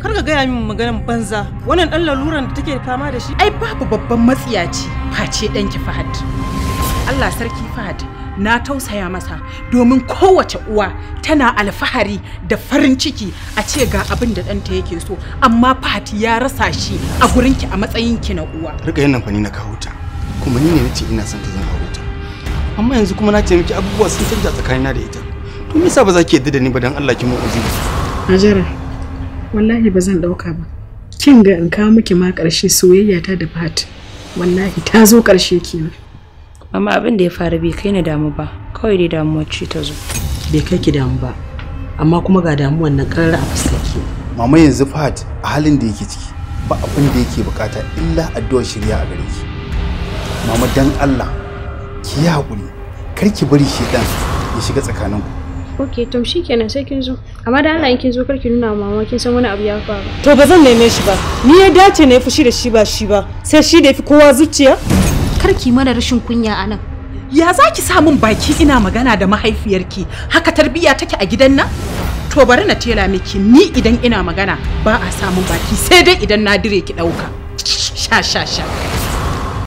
kar ka gaya min maganan banza wannan dan laluran da take fama da shi ai babu babban matsiyaci face danki fahad Allah sarki fahad na tausaya masa domin kowace uwa tana alfahari da farin ciki a ce ga abin da ɗanta yake so amma fahad ya rasa shi a gurinki a matsayinki na uwa rika yin amfani na kawo kuma ni ne nace ina son ta zan aure amma yanzu kuma na ce miki abubuwa sun canja tsakanina da ita to me yasa ba za ki yadda da ni ba dan Allah ki mu uzuri Najara wallahi ba zan ɗauka ba kin ga in kawo miki ma karshe soyayya ta da fat wallahi ta zo ƙarshe kenan amma abin da ya faru bai kai ni damu ba kawai dai damuwar ce ta zo bai kai ki damu ba amma kuma ga damuwar nan ƙarar a fuskake mama yanzu fat a halin da yake ciki ba abin da yake bukata illa addu'ar shirya a gare ki mama dan Allah ki yi hakuri kar ki bari shi ya shiga tsakaninku ok to shi kenan sai kin zo amma da Allah in kin zo karki nuna wa mama kin san wani abu ya faru to ba zan neme shi ba ni ya dace na fushi da shi ba shi ba sai shi da yafi kowa zuciya karki mana rashin kunya a nan ya zaki ki sa min baki ina magana da mahaifiyarki haka tarbiyya take a gidan nan to bari na tela miki ni idan ina magana ba a samun baki sai dai idan na dire ki ɗauka sha sha sha